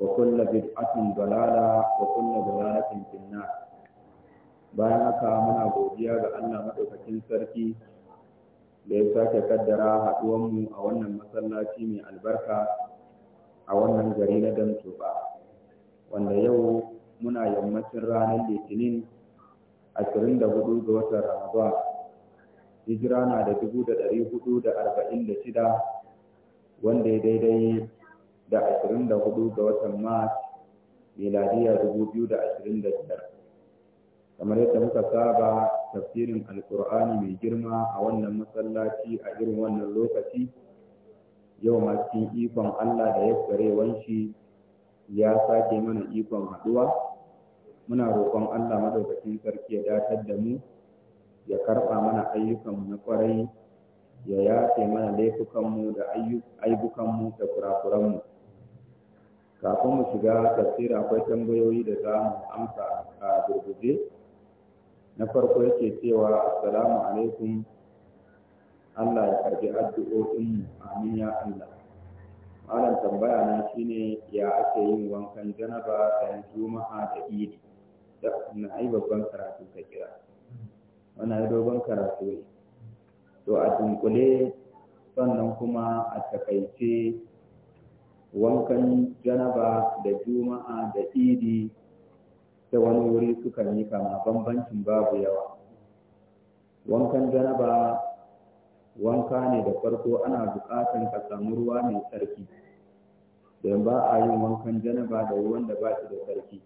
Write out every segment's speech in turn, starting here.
وكل بدعة ضلالة وكل ضلالة في النار bayan haka muna godiya ga Allah madaukakin sarki da ya sake kaddara haɗuwanmu a wannan masallaci mai albarka a wannan gari na Damtuba wanda yau muna yammacin ranar Litinin 24 ga watan Ramadan hijira na da 446 wanda ya daidai da ashirin da hudu ga watan mars miladiya dubu biyu da ashirin da biyar kamar yadda muka saba tafsirin alkur'ani mai girma a wannan masallaci a irin wannan lokaci yau ma cikin ikon allah da ya kare wanshi ya sake mana ikon haɗuwa muna roƙon allah madaukakin sarki ya datar da mu ya karɓa mana ayyukanmu na kwarai ya yafe mana laifukanmu da aibukanmu da kurakuranmu kafin mu shiga tafsira akwai tambayoyi da za mu amsa a gurguje na farko yake cewa assalamu alaikum Allah ya karbi addu'o'in mu amin ya Allah malam tambaya na shine ya ake yin wankan janaba da juma'a da idi da na ai babban karatu ka kira wannan ai dogon karatu ne to a dunkule sannan kuma a takaice wankan janaba da juma'a da idi ta wani wuri suka yi kama bambancin babu yawa wankan janaba wanka ne da farko ana buƙatar ka samu ruwa mai tsarki don ba a yin wankan janaba da ruwan da ba shi da tsarki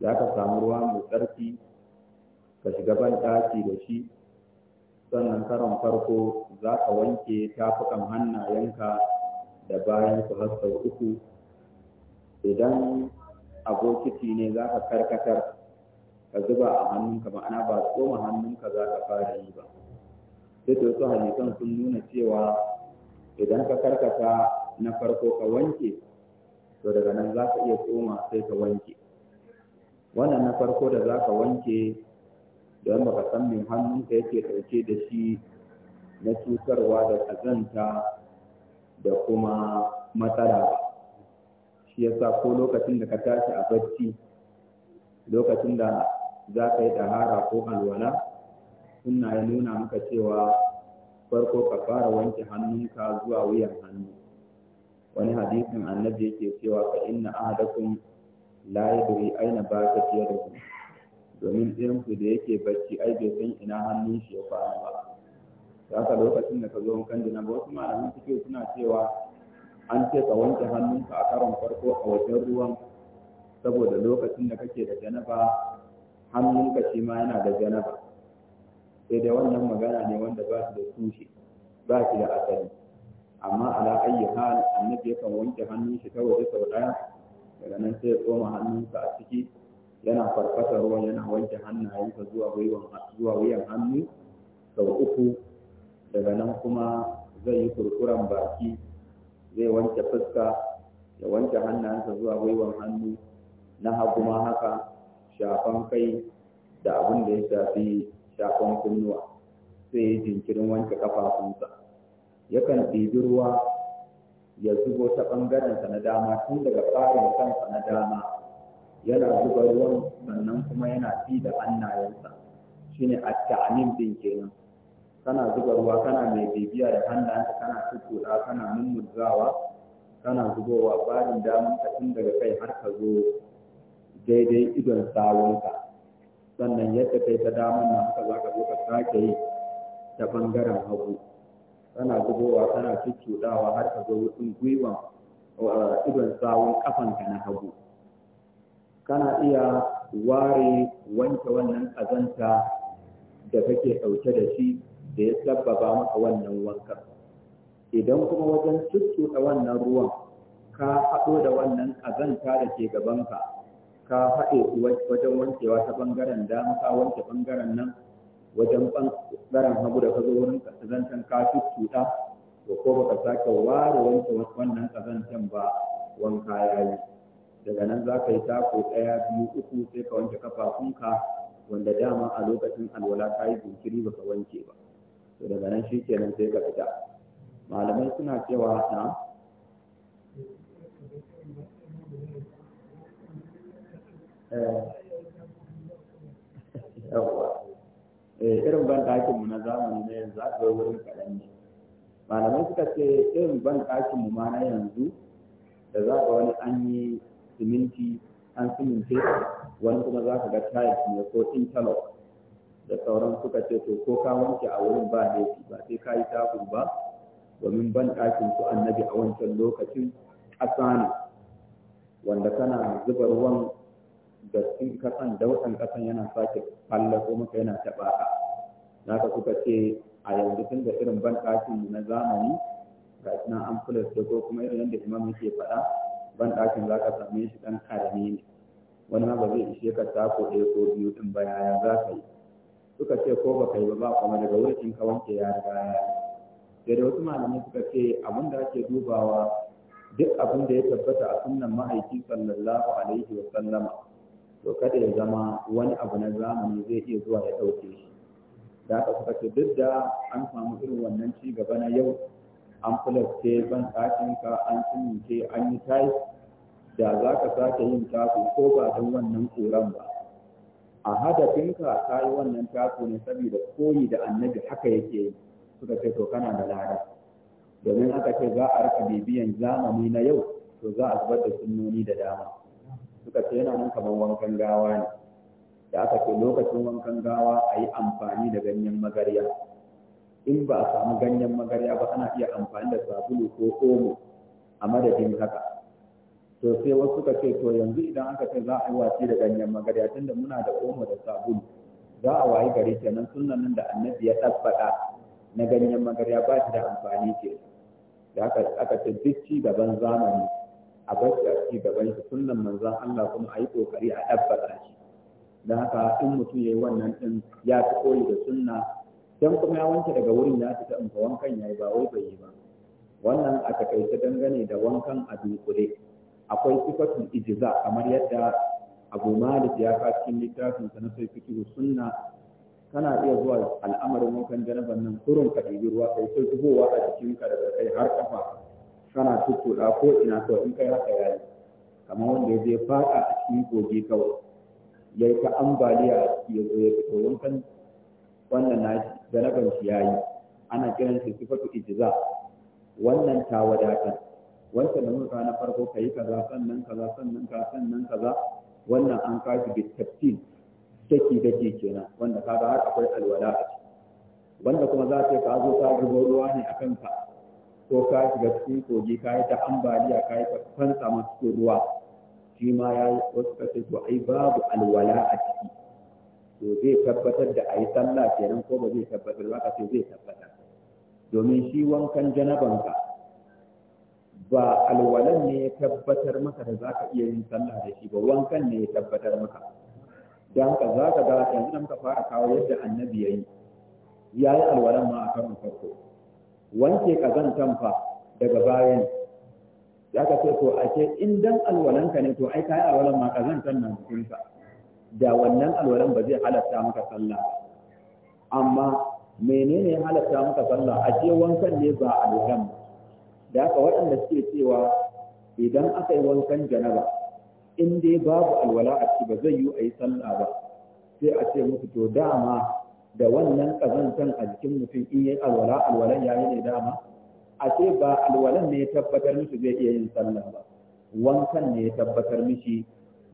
za ka samu ruwa mai tsarki ka shiga ban ɗaki da shi sannan karon farko za ka wanke tafukan hannayenka da bayan su har sau uku idan abokiti ne za ka karkatar ka zuba a hannunka ma'ana ba tsoma hannunka za ka fara yi ba sai da wasu hadisan sun nuna cewa idan ka karkata na farko ka wanke to daga nan za ka iya tsoma sai ka wanke wannan na farko da za ka wanke don baka san min hannunka yake ɗauke da shi na cutarwa da kazanta da kuma matsala ba shi yasa ko lokacin da ka tashi a bacci lokacin da za ka yi ɗahara ko alwala suna ya nuna maka cewa farko ka fara wanke hannunka zuwa wuyan hannu wani hadisin annabi yake cewa ka inna ahadakum la yadri aina da yadahu domin ɗayan da yake bacci ai bai san ina hannun shi ya faru ba da haka lokacin da ka zo kan jina ba wasu malamin suke suna cewa an ce ka wanke hannunka a karon farko a wajen ruwan saboda lokacin da kake da janaba hannunka shi ma yana da janaba sai dai wannan magana ne wanda ba shi da tushe ba shi da asali amma ala ayyi hal annabi yakan wanke hannun shi ta waje sau ɗaya daga nan sai ya tsoma hannunsa a ciki yana farfasa ruwan yana wanke hannayensa zuwa wuyan hannu sau uku daga nan kuma zai yi kurkuran baki zai wanke fuska ya wanke hannayensa zuwa gwiwan hannu na hagu ma haka shafan kai da abin da ya shafi shafan kunnuwa sai ya jinkirin wanke kafafunsa yakan ɗibi ruwa ya zubo ta ɓangarensa na dama tun daga tsarin kansa na dama yana zuba ruwan sannan kuma yana fi da hannayensa shine a ta'amin din kenan kana zuba ruwa kana mai bibiya da hannayenka kana tuttuɗa kana mummurzawa kana zubowa barin damun ka tun daga kai har ka zo daidai idon sawunka sannan yadda kai ta damun na haka za ka zo ka sake yi ta bangaren hagu kana zubowa kana tuttuɗawa har ka zo wutin gwiwan idon sawun kafanka na hagu kana iya ware wanke wannan ƙazanta da kake ɗauke da shi da ya sabbaba maka wannan wankan idan kuma wajen tuttuɗa wannan ruwan ka haɗo da wannan ƙazanta da ke gabanka ka haɗe wajen wankewa ta ɓangaren dama ka wanke ɓangaren nan wajen ɓangaren hagu da kazo zo wurin ƙazantan ka tuttuɗa to ko baka sake ware wanke wannan ƙazantan ba wanka ya yi daga nan za ka yi tako ɗaya biyu uku sai ka wanke kafafunka wanda dama a lokacin alwala ka yi jinkiri baka wanke ba to daga nan shi kenan sai ka fita malamai suna cewa na eh. eh, irin ban mu na zamani na yanzu a ga wurin kaɗan ne malamai suka ce irin ban mu ma na yanzu da za ka wani an yi siminti an siminti wani kuma za ka ga tiles ne ko interlock da sauran suka ce to ko ka wanke a wurin ba laifi ba sai ka yi taku ba domin ban ɗakin su annabi a wancan lokacin ƙasa ne wanda kana zuba ruwan da cikin kasan dautan kasan yana sake ko maka yana taɓa ka naka suka ce a yanzu tun da irin ban ɗakin na zamani ga na an da ko kuma irin yadda imam yake faɗa ban ɗakin za ka same shi ɗan ƙarami ne wani ma ba zai ishe ka tako ɗaya ko biyu ɗin ba yaya za ka yi suka ce ko baka yi ba kuma daga wurin ka wanke ya riga ya sai da wasu malamai suka ce abin da ake dubawa duk abin da ya tabbata a sunnan ma'aiki sallallahu alaihi wa sallama to kada ya zama wani abu na zamani zai iya zuwa ya ɗauke shi da aka suka ce duk da an samu irin wannan ci gaba na yau an fulaske ban ka an sumince an yi tai da za ka sake yin tafi ko ba don wannan tsoron ba a hadafinka ka yi wannan taku ne saboda koyi da annabi haka yake yi suka ce to kana da lada domin aka ce za a rika bibiyan zamani na yau to za a zubar da sunnoni da dama suka ce yana nan kamar wankan gawa ne da aka ce lokacin wankan gawa a yi amfani da ganyen magarya in ba a samu ganyen magarya ba ana iya amfani da sabulu ko omo a madadin haka to sai wasu suka ce to yanzu idan aka ce za a yi wasi da ganyen magarya tunda muna da omo da sabulu za a wayi gari kenan sunan nan da annabi ya tabbata na ganyen magarya ba shi da amfani ke da aka aka ce duk ci gaban zamani a bashi a ci gaban shi sunan manzon Allah kuma ayi yi kokari a tabbata shi dan haka in mutum yayi wannan din ya fi koyi da sunna dan kuma ya wanke daga wurin ya fita in wankan ya yi ba wai bai yi ba wannan a takaice dangane da wankan a kure. akwai sifatul ijiza kamar yadda Abu Malik ya ka cikin littafin sa na sai fiqh sunna kana iya zuwa al'amarin wankan janaban nan kurun ka ɗibi kai sai zubowa a jikinka daga kai har kafa kana tuttuɗa ko ina to in kai haka yayi kamar wanda ya je faɗa a cikin goge kawai ya yi ta ambaliya a ya zo ya fito wankan wannan na janaban shi yayi ana kiran shi sifatu ijza wannan ta wadatar wanda da muka na farko kai kaza sannan kaza sannan ka sannan kaza wannan an kashi bi tafsir daki daki kenan wanda kaga har akwai alwala a ciki wanda kuma za ta ka zo ka zubo ruwa ne akan ka ko ka shiga cikin kogi ka yi ta ambaliya ka yi ta kwanta masu ruwa shi ma ya yi wasu ka to ai babu alwala a ciki to zai tabbatar da a yi sallah kenan ko ba zai tabbatar ba ka ce zai tabbatar domin shi wankan janabanka ba alwalan ne ya tabbatar maka da za ka iya yin sallah da shi ba wankan ne ya tabbatar maka don ka za ka ga yanzu da muka fara kawo yadda annabi ya yi ya yi alwalan ma a karon farko wanke kazantan fa daga bayan ya ka ce to ake in dan alwalanka ne to ai ka yi alwalan ma kazantan nan jikinka da wannan alwalan ba zai halatta maka sallah amma menene ya halatta maka sallah a ce wankan ne ba alwalan ba da aka waɗanda suke cewa idan aka yi wankan janaba in dai babu alwala a ciki ba zai yi a yi sallah ba sai a ce musu to dama da wannan kazantan a jikin mutum in yi alwala alwalan ya yi ne dama a ce ba alwalan ne ya tabbatar mishi zai iya yin sallah ba wankan ne ya tabbatar mishi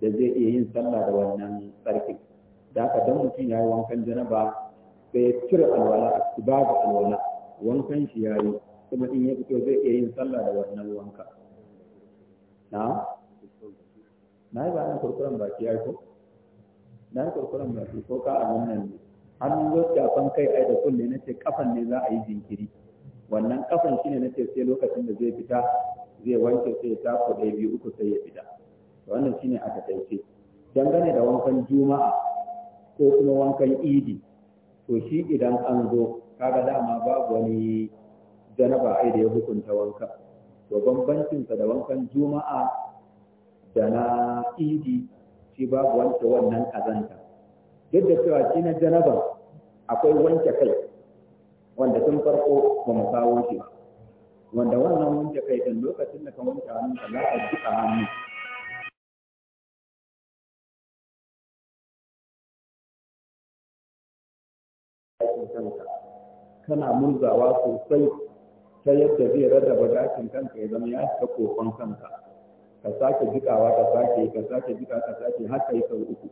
da zai iya yin sallah da wannan tsarkin da aka don mutum ya yi wankan janaba sai ya cire alwala a ciki babu alwala wankan shi ya yi kuma in ya fito zai iya yin sallah da wannan wanka. na na yi bayan kurkuren baki ya ko na yi kurkuren baki ko ka a wannan ne hannun zo shafan kai ai da kunne na ce kafan ne za a yi jinkiri wannan kafan shine na ce sai lokacin da zai fita zai wanke sai ya tafi ɗaya biyu uku sai ya fita wannan shine a taƙaice dangane da wankan juma'a ko kuma wankan idi to shi idan an zo kaga dama babu wani janaba ai da ya hukunta wanka to bambancinsa da wankan juma'a da na idi shi babu wanke wannan kazanta duk da cewa shi na janaba akwai wanke kai wanda tun farko ba mu kawo shi ba wanda wannan wanke kai din lokacin da ka wanke hannunka za ka a hannu kana murzawa sosai ta yadda zai rarraba dakin kanka ya zama ya ta kofan kanka ka sake jikawa ka sake ka sake jika ka sake har kai sau uku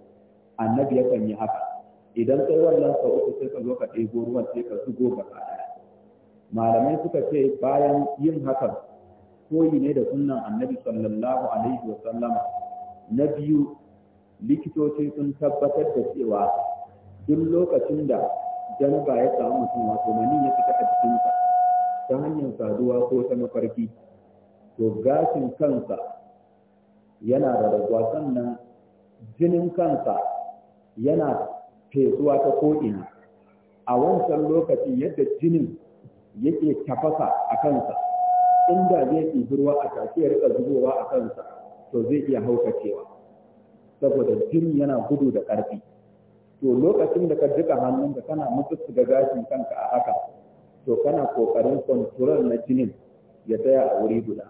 annabi ya kan yi haka idan sai wannan sau uku sai ka zo ka ɗebo ruwan sai ka zugo gaba ɗaya malamai suka ce bayan yin hakan koyi ne da sunan annabi sallallahu alaihi wa sallama na biyu likitoci sun tabbatar da cewa duk lokacin da janaba ya samu mutum wato mani ya fita a jikinsa ta hanyar saduwa ko ta mafarki to gashin kansa yana da sannan jinin kansa yana fesuwa ta ko'ina a wancan lokaci yadda jinin yake tafasa a kansa inda zai ɗibi ruwa a tashi rika zubowa a kansa to zai iya haukacewa saboda jini yana gudu da ƙarfi to lokacin da ka jika hannunka kana mutu ga gashin kanka a haka to kana kokarin control na jinin ya tsaya a wuri guda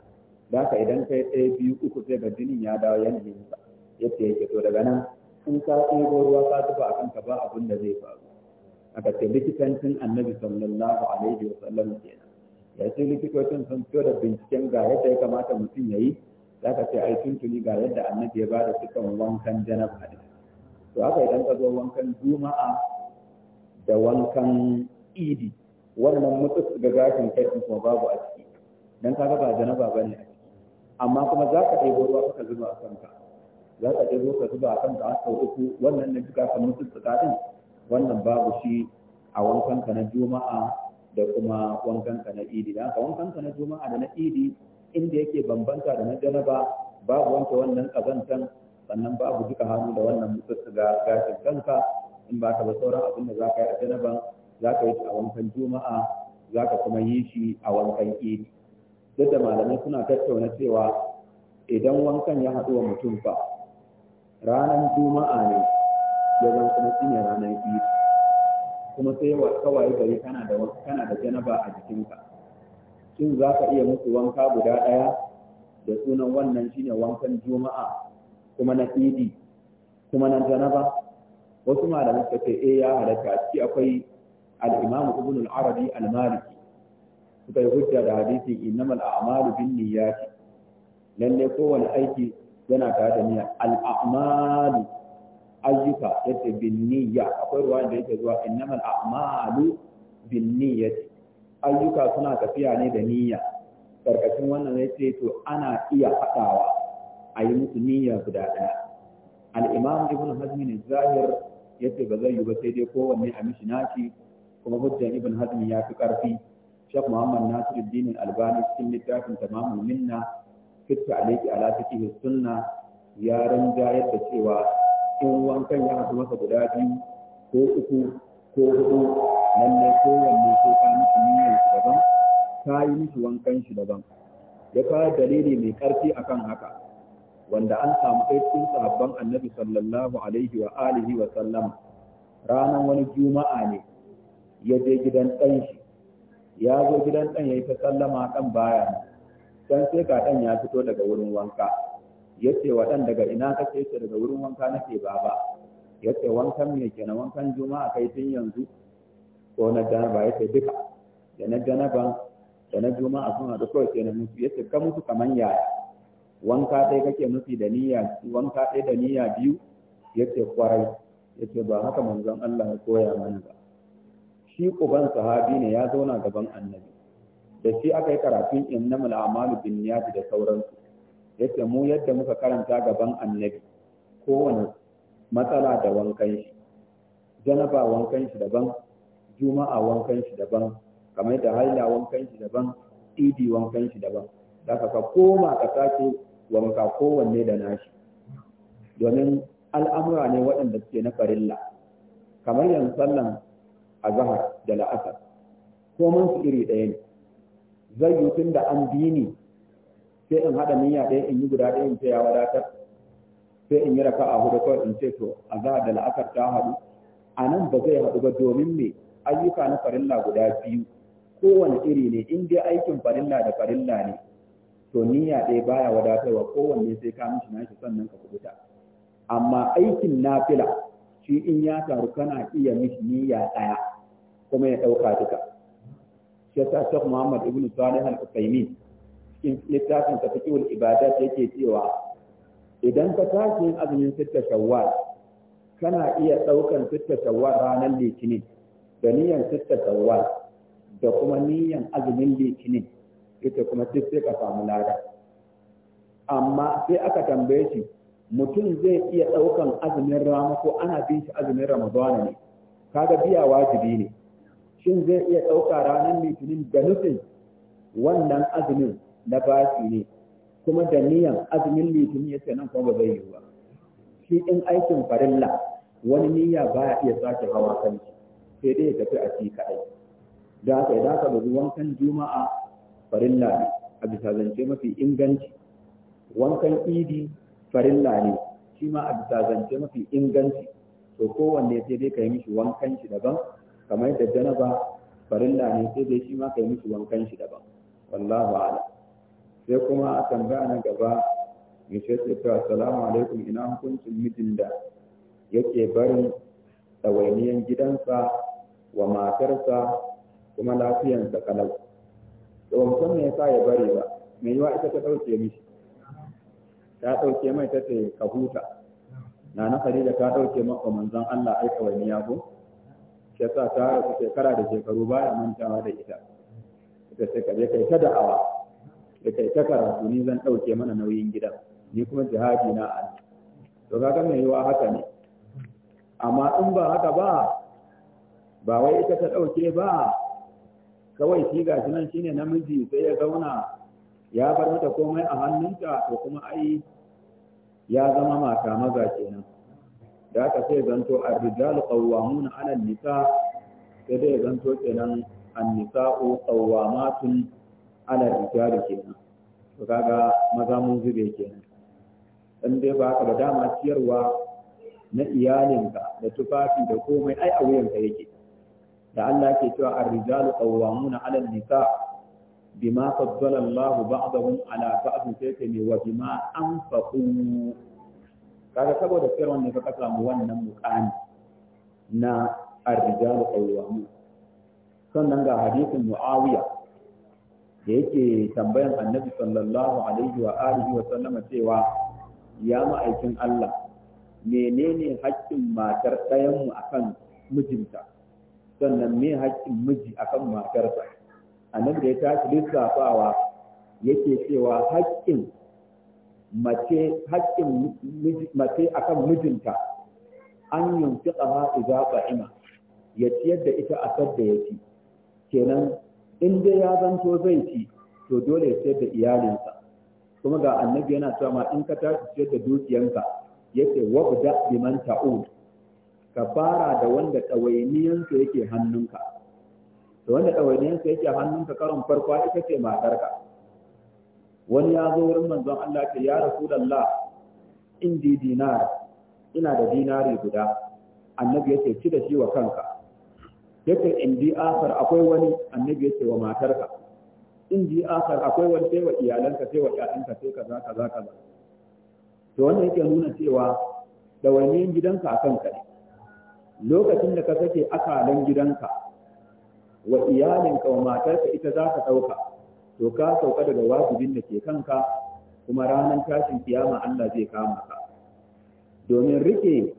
da ka idan kai ɗaya biyu uku sai ga jinin ya dawo yanayin sa yadda yake to daga nan in ka ɗebo ruwa ka zuba a kanka ba abin da zai faru aka ce likitancin annabi sallallahu alaihi wa sallam kenan ya ce likitocin sun fito da binciken ga yadda ya kamata mutum ya yi za ka ce ai tuntuni ga yadda annabi ya ba da cikin wankan janaba ne to haka idan ka zo wankan juma'a da wankan idi wannan mutus ga gashin kai kuma babu a ciki dan kaga ba janaba bane a ciki amma kuma za ka ɗebo ruwa ka zuba a kanka za ka ɗebo ka zuba a kanka a sau uku wannan ne duka kan mutsus tsakanin wannan babu shi a ka na juma'a da kuma ka na idi da wankan ka na juma'a da na idi inda yake bambanta da na janaba babu wanke wannan kazantan sannan babu duka hannu da wannan mutus ga gashin kanka in ba ka ba sauran abin da za ka yi a janaban za ka yi shi a wankan juma'a za ka kuma yi shi a wankan idi duk da malamai suna tattauna cewa idan wankan ya haɗu wa mutum fa ranar juma'a ne ya zan kuma shi ne ranar idi kuma sai kawai gari kana da kana da janaba a jikinka shin za ka iya musu wanka guda ɗaya da sunan wannan shine wankan juma'a kuma na idi kuma na janaba wasu malamai suka ce eh ya halatta ciki akwai al-imam ibn arabi suka yi hujja da hadisi innamal a'malu bin niyyati lalle kowane aiki yana tare da niyya al-a'malu ayyuka yace bin niyya akwai ruwa da yake zuwa innamal a'malu bin niyyati ayyuka suna tafiya ne da niyya karkashin wannan yace to ana iya fadawa a yi musu niyya guda daya al-imam ibn hazm ne zahir yace ba zai yi ba sai dai kowanne a mishi nashi kuma hujjan ibn hazmi ya fi ƙarfi shek muhammad nasiruddin albani cikin littafin tamamul minna fitta alaiki ala fiqh sunna ya jayar da cewa in wankan ya haɗu masa guda biyu ko uku ko hudu lallai kowanne sai ka musu niyyar shi daban ka yi musu wankan shi daban ya fara dalili mai ƙarfi akan haka wanda an samu kai cikin sahabban annabi sallallahu alaihi wa alihi wa sallam ranar wani juma'a ne ya je gidan ɗan shi ya zo gidan ɗan ya yi ta sallama ɗan baya can sai ka ɗan ya fito daga wurin wanka ya ce wa ɗan daga ina ka ce daga wurin wanka na ke baba ya ce wankan me kenan wankan juma'a kai tun yanzu ko na janaba ya ce duka da na janaba da na juma'a sun haɗu kawai ke na mutu ya ce ka mutu kaman yaya wanka ɗaya kake nufi da niyya wanka ɗaya da niyya biyu ya ce kwarai ya ce ba haka manzon Allah ya koya mana ba shi uban sahabi ne ya zauna gaban annabi da shi aka yi karatun innamul a'malu binniyati da sauransu yace mu yadda muka karanta gaban annabi kowane matsala da wankan shi janaba wankan shi daban juma'a wankan shi daban kamar da haila wankan shi daban idi wankan shi daban da ka koma ka sake wanka kowanne da nashi domin al'amura ne waɗanda suke na farilla kamar yanzu sallan azhar da la'asar komin su iri ɗaya ne zai yi tun da an bi ni sai in haɗa niyya ɗaya in yi guda ɗaya in ce ya wadatar sai in yi raka a hudu kawai in ce to azhar da la'asar ta haɗu a nan ba zai haɗu ba domin me ayyuka na farilla guda biyu kowane iri ne in dai aikin farilla da farilla ne to niyya ɗaya baya wadatarwa kowanne sai ka mishi nashi sannan ka kubuta amma aikin nafila shi in ya taru kana iya mishi niyya ɗaya kuma ya ɗauka duka shi sa Sheikh Muhammad ibn Salih al-Uthaymeen cikin littafin ta fiqhul ibadat yake cewa idan ka tashi yin azumin sitta shawwal kana iya ɗaukan sitta shawwal ranar litinin da niyan sitta shawwal da kuma niyan azumin litinin ita kuma duk sai ka samu lada amma sai aka tambaye shi mutum zai iya ɗaukan azumin rana ko ana bin shi azumin ramadana ne kaga biya wajibi ne shin zai iya ɗauka ranar litinin da nufin wannan azumin na baki ne kuma da niyan azumin litinin ya nan kuma ba zai yi ba shi in aikin farilla wani niyya ba ya iya sake hawa shi sai dai ya tafi a ci kaɗai da haka idan ka bugu wankan juma'a farilla ne a bisa zance mafi inganci wankan idi farilla ne shi ma a bisa zance mafi inganci to kowanne sai dai ka yi mishi wankan shi daban kamar da janaba da ne sai dai shi ma kai musu wankan shi daban wallahu a'lam sai kuma a tambaya na gaba mai sai sai ta assalamu alaikum ina hukuncin mijin da yake barin ɗawainiyan gidansa wa matarsa kuma lafiyansa kalau to mutum ne yasa ya bari ba mai yiwa ita ta ɗauke mishi ta ɗauke mai ta ce ka huta na na da ta ɗauke maka manzon Allah wani ɗawainiya ko shi yasa ta rasu shekara da shekaru baya mantawa da ita ita sai ka je kai ta da'awa da kai ta karatu ni zan ɗauke mana nauyin gidan ni kuma jihadi na an to ka ga mai yiwa haka ne amma in ba haka ba ba wai ita ta ɗauke ba kawai shi ga shi nan shi ne namiji sai ya zauna ya bar mata komai a hannunta to kuma ai ya zama mata maza kenan da aka sai zanto ar rijal qawwamun 'ala an-nisa sai dai zanto kenan an-nisa'u qawwamatun 'ala ar kenan to kaga maza mun zube kenan dan dai ba ka da dama ciyarwa na iyalinka da tufafi da komai ai a wuyanka yake da Allah ke cewa ar rijal qawwamun 'ala an-nisa' bima faddala Allah ba'dahum ala ba'd sai ce ne wa bima anfaqu kaga saboda fir'aun wannan ka mu wannan muƙami na ar-rijalu qawwamu sannan ga hadisin muawiya da yake tambayan annabi sallallahu alaihi wa alihi wa sallama cewa ya ma'aikin Allah menene haƙƙin matar mu akan mijinta sannan me haƙƙin miji akan matarsa annabi da ya tashi lissafawa yake cewa haƙƙin mace haƙƙin mace akan mijinta an yunfi ƙaha iza ba'ima ya ciyar da ita a sadda ya ci kenan in dai ya zanto zai ci to dole ya ciyar da iyalinsa kuma ga annabi yana cewa ma in ka tashi ciyar da dukiyanka yace wabda biman ta'ud ka fara da wanda ɗawainiyansa yake hannunka da wanda ɗawainiyansa yake hannunka karon farko ita ce matarka wani ya zo wurin manzon Allah ta ya rasulullah indi dinar ina da dinari guda annabi ce ci da shi wa kanka yace indi akhar akwai wani annabi ce wa matarka indi asar akwai wani sai wa iyalanka sai wa ƴaƴanka sai kaza kaza kaza to wannan yake nuna cewa da wani gidanka akan ka ne lokacin da ka sake akalan gidanka wa iyalinka wa matarka ita za ka ɗauka to ka sauka daga wajibin da ke kanka kuma ranar tashin kiyama Allah zai kama ka domin rike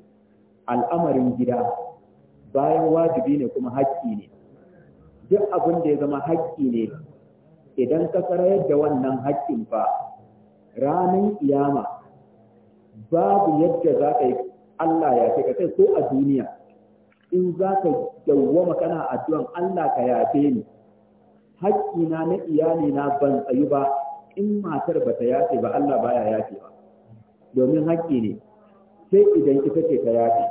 al'amarin gida bayan wajibi ne kuma haƙƙi ne duk abin da ya zama haƙƙi ne idan ka sarayar da wannan haƙƙin fa ranar kiyama babu yadda za ka yi Allah ya ce kai ko a duniya in za ka dawwama kana addu'an Allah ka yafe ni haƙƙina na iyali na ban tsayu ba in matar ba ta yafe ba Allah baya yafe ba domin haƙƙi ne sai idan ita ce ta yafe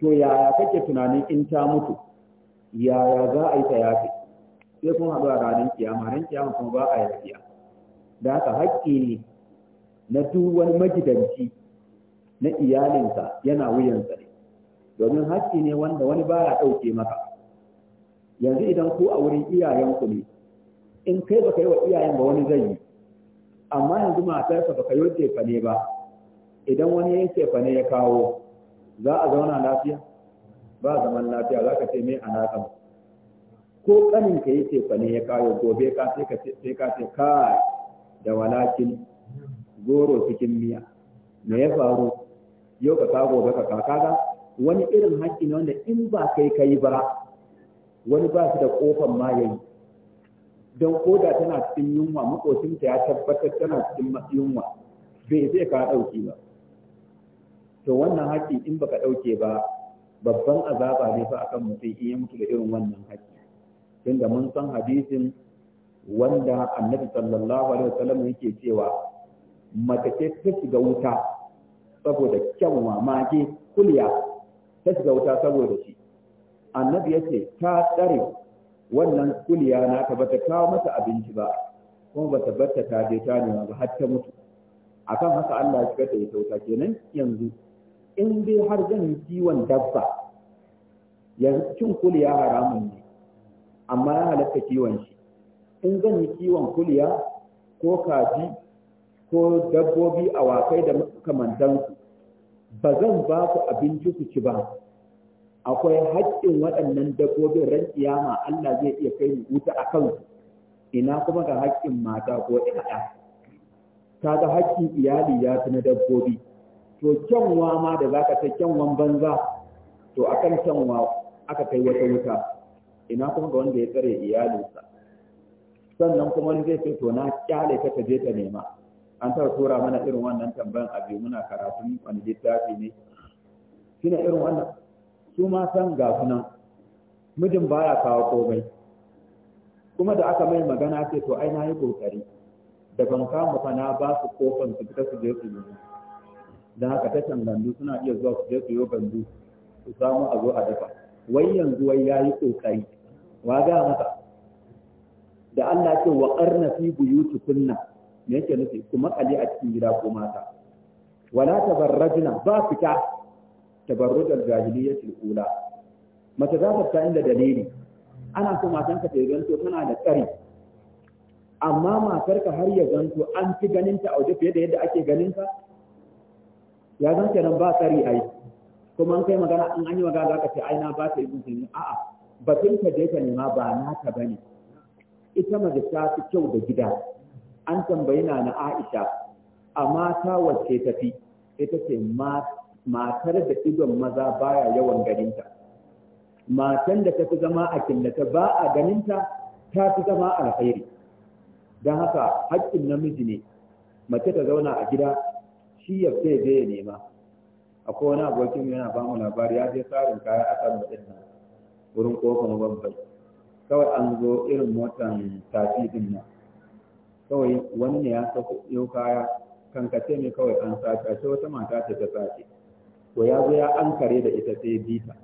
to yaya kake tunanin in ta mutu yaya za a yi ta yafe sai kun haɗu a ranar kiyama ranar kiyama kuma ba a yafiya da haka haƙƙi ne na duk wani magidanci na iyalinsa yana wuyan ne domin haƙƙi ne wanda wani baya ɗauke maka yanzu idan ku a wurin iyayenku ne in kai baka yi wa iyayen ba wani zai yi amma yanzu matarsa baka yi wa ne ba idan wani yayin cefa ne ya kawo za a zauna lafiya ba zaman lafiya za ka ce mai anakan ko kanin ka yi cefa ne ya kawo gobe ka sai ka ce kai da walakin goro cikin miya me ya faru yau ka gobe ka kaka wani irin haƙƙi ne wanda in ba kai kai ba wani ba shi da kofan ma yayi don koda tana cikin yunwa makocinta ya tabbatar tana cikin yunwa bai zai ka ɗauki ba to wannan haƙƙi in baka ɗauke ba babban azaba ne fa akan mutum in ya mutu da irin wannan haƙƙi tunda mun san hadisin wanda annabi sallallahu alaihi wasallam yake cewa mace ce ta shiga wuta saboda kyanwa mage kulya ta shiga wuta saboda shi annabi ya ce ta tsare wannan kuliya na ta bata kawo mata abinci ba kuma bata bata ta je ta nema ba har ta mutu akan haka Allah ya da ita wuta kenan yanzu in dai har zan yi kiwon dabba yanzu cin kuliya haramun ne amma ya halatta kiwon shi in zan yi kiwon kuliya ko kaji ko dabbobi awakai da makamantansu ba zan ba ku abinci ku ci ba akwai haƙƙin waɗannan dabbobin ran kiyama Allah zai iya kai mu wuta a kansu ina kuma ga haƙƙin mata ko ƴaƴa ga haƙƙin iyali ya fi na dabbobi to kyanwa ma da zaka ta kyanwan banza to akan kyanwa aka kai wata wuta ina kuma ga wanda ya tsare iyalinsa sannan kuma wani zai ce to na kyale ka ta je ta nema an taɓa tura mana irin wannan tambayan abu muna karatun wani littafi ne shine irin wannan su ma san ga nan mijin baya kawo komai kuma da aka mai magana ce to ai na yi kokari da ban kama fa na ba su kofan su fita su je su yi da haka tashan gandu suna iya zuwa su je su yi gandu su samu a zo a dafa wai yanzu wai ya yi kokari wa ga masa da Allah ce wa qarna fi buyutikunna me yake nufi kuma kali a cikin gida ko mata wala tabarrajna ba fita tabarrujar jahiliyyatul ula mace za ta ta da dalili ana so matarka ta ganto tana da tsari amma matarka har ya zanto an fi ganinta a waje fiye da yadda ake ta ya zan kenan ba tsari ai kuma an kai magana in an yi magana zaka ce ai na ba ta ibn sunni a'a batun ka je ka nema ba naka bane ita mace ta fi kyau da gida an tambayi na na Aisha amma ta wacce tafi ita ce ma matar da idon maza baya yawan ganinta matan da ta fi zama a killata ba a ganinta ta fi zama alkhairi don haka haƙƙin namiji ne mace ta zauna a gida shi ya sai da ya nema akwai wani abokin yana ba mu labari ya je tsarin kaya a kan mutum nan wurin kofar babbai kawai an zo irin motan tafi din nan kawai wani ne ya sako kaya kankace ne kawai an sace a ce wata mata ta ta sace to ya zo ya ankare da ita sai bita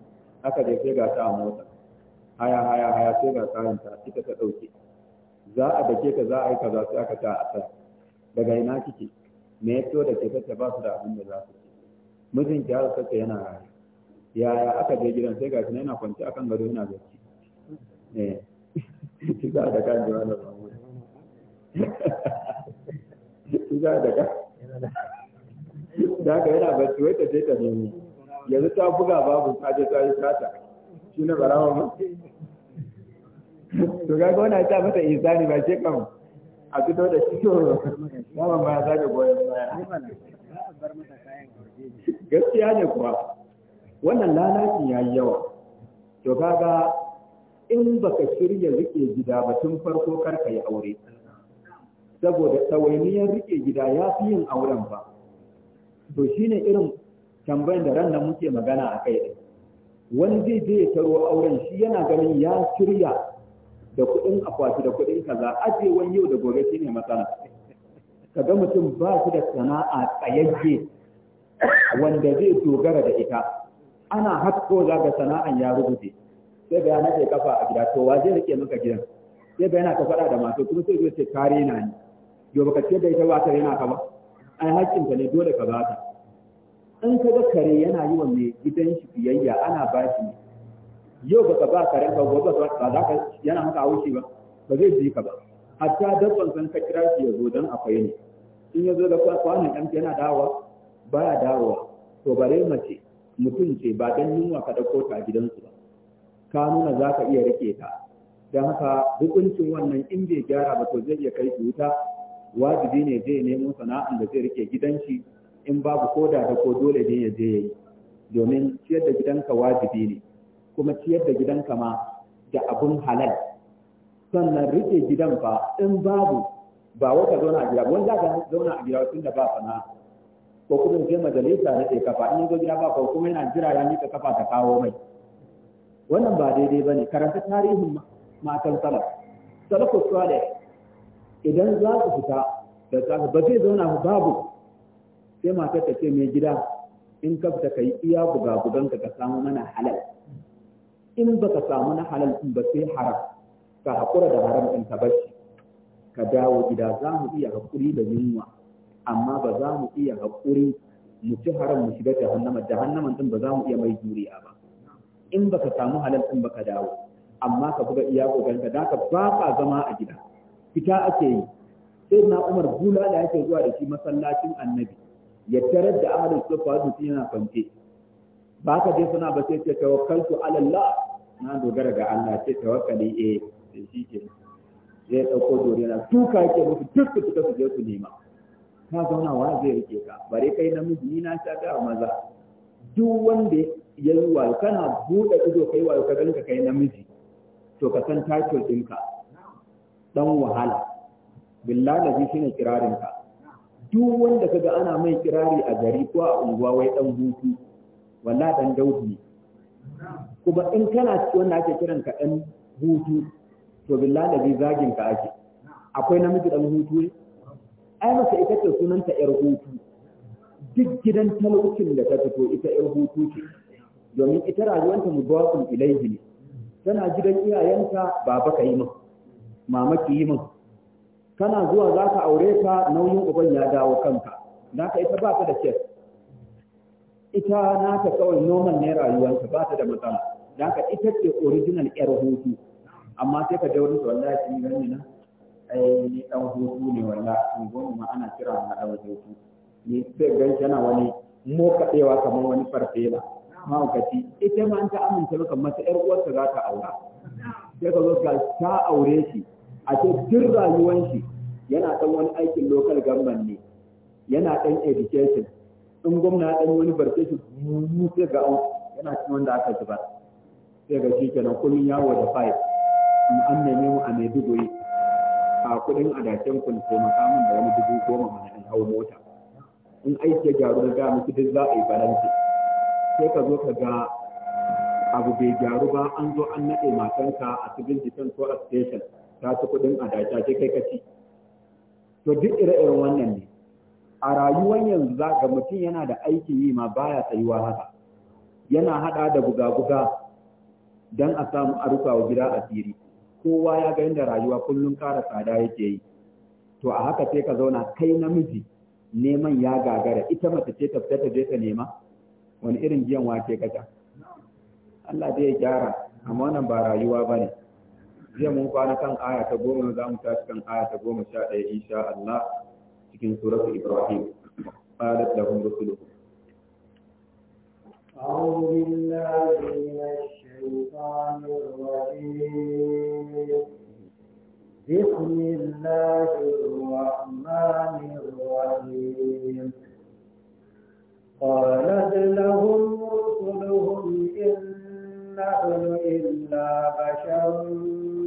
haka dai sai ga ta a mota haya haya haya sai ga kayan ta ita ta dauke za a dake ka za a yi kaza sai aka ta a san daga ina kike me ya to da ke tace ba su da abin da za su ci mijin ki har sai yana raye yaya aka je gidan sai ga kina yana kwance akan gado yana bacci eh ki za da kan jawabin ki za da kan da haka yana bacci wai ta je ta yanzu ta buga babu ta je ta yi sata shi ne barawa ba to ga ga ta mata isani ba ce kan a fito da shi to ba ma za ka goyon baya gaskiya ne kuwa wannan lalacin ya yi yawa to kaga in baka shirya rike gida ba tun farko karka yi aure saboda tsawainiyar rike gida ya fi yin auren ba to shine irin tambayan da ran nan muke magana a kai wani zai je ya taro auren shi yana ganin ya shirya da kuɗin akwati da kuɗin kaza aje wani yau da gobe shine matsala kaga mutum ba shi da sana'a tsayayye wanda zai dogara da ita ana hakko za ga sana'an ya rubuce sai ga yana ke kafa a gida to wa zai rike maka gidan sai ga yana ka faɗa da masu kuma sai zai ce kare na ni yau baka ce da ita ba ta rena ka ba ai haƙƙinka ne dole ka ba ta in ka ga kare yana yi wa mai gidan shi biyayya ana ba shi yau ba ka ba karen ka gobe ba za ka yana maka haushi ba ba zai ji ka ba hatta dabban san ka kira shi ya zo don akwai ne in ya zo da kwanan ɗan yana dawowa baya dawowa to bare mace mutum ce ba dan yunwa ka ɗauko ta gidansu ba ka nuna za ka iya rike ta don haka hukuncin wannan in bai gyara ba to zai iya kai wuta wajibi ne zai nemo sana'an da zai rike gidan in babu koda da ko dole ne ya je yi, domin ciyar da gidanka wajibi ne kuma ciyar da gidanka ma da abun halal sannan rike gidan fa in babu ba wata zauna a gida ba wanda ga zauna a gida tun da ba na, ko kuma je majalisa na ke kafa in zo gida ba ko kuma yana jira ya mika kafa ta kawo mai wannan ba daidai bane karanta tarihin matan salaf salafus salih idan za ku fita da safe ba zai zauna ba babu sai matar ta ce mai gida in ka fita kai iya buga bugan ka ka samu mana halal in ba ka samu na halal in ba sai haram ka hakura da haram in ka bashi ka dawo gida za mu iya hakuri da yunwa amma ba za mu iya hakuri mu ci haram mu shiga jahannama jahannaman din ba za mu iya mai juriya ba in ba ka samu halal ba ka dawo amma ka buga iya gogan ka da ka ba ka zama a gida fita ake yi sai na umar bula da yake zuwa da shi masallacin annabi ya tarar da ahalin sufa su yana kwance ba ka je suna ba sai ce tawakkaltu ala Allah na dogara ga Allah ce tawakkali eh sai shi ke zai dauko na tuka yake musu duk su fita su je su nema ka zauna wa zai rike ka bare kai namiji ni na sha ga maza duk wanda ya yi wayo kana buɗe ido kai wayo ka ganin ka kai namiji to ka san takin ɗinka dan wahala billahi shine kirarin ka duk wanda kaga ana mai kirari a gari ko a unguwa wai dan hutu wallahi dan daudi kuma in kana wanda ake kiran ka dan hutu to billahi zagin ka ake akwai namiji dan hutu ne ai masa ita ce sunanta yar hutu duk gidan talaucin da ta fito ita yar hutu ce domin ita rayuwanta mudawakun ilaihi ne tana gidan iyayenta baba ka yi mamaki yi min kana zuwa za ka aure ka nauyin uban ya dawo kanka naka ita ba ta da kes ita na ta kawai normal ne rayuwarta ba ta da matsala naka ita ce original yar hutu amma sai ka jauri da wallahi kin gani na ai ni dan hutu ne wallahi gomu ma ana kira na dan hutu ni sai gan yana wani mokadewa kamar wani farfela ci ita ma an ta amince maka mata yar uwarta za ta aura sai ka zo ka ta aure shi a ce duk rayuwan shi yana ɗan wani aikin local government ne yana ɗan education in gwamna ɗan wani barce shi mu sai ga yana cikin wanda aka zubar sai ga shi kenan kullum yawo da five in an neme mu a Maiduguri a kuɗin adashen kun taimaka min da wani dubu goma mana in hau mota in aiki ya gyaru na gaya duk za a yi balanci sai ka zo ka ga abu bai gyaru ba an zo an naɗe matanka a civil jikin ko a station ta ci kuɗin dace ce kai kaci to duk ire-iren wannan ne a rayuwar yanzu za ga mutum yana da aikin yi ma baya tsayuwa haka yana haɗa da buga-buga don a samu a rufawa gida asiri kowa ya ga yadda rayuwa kullum kara tsada yake yi to a haka sai ka zauna kai namiji neman ya gagara ita mace ce ta fita ta je ta nema wani irin jiyan wake kaca Allah zai gyara amma wannan ba rayuwa bane jiya mun kwana kan aya ta goma za mu tashi kan aya ta goma sha ɗaya insha Allah cikin suratu Ibrahim qalat lahum rusuluhum أعوذ بالله من الشيطان الرجيم بسم الله الرحمن الرحيم قالت لهم رسلهم إن نحن إلا بشر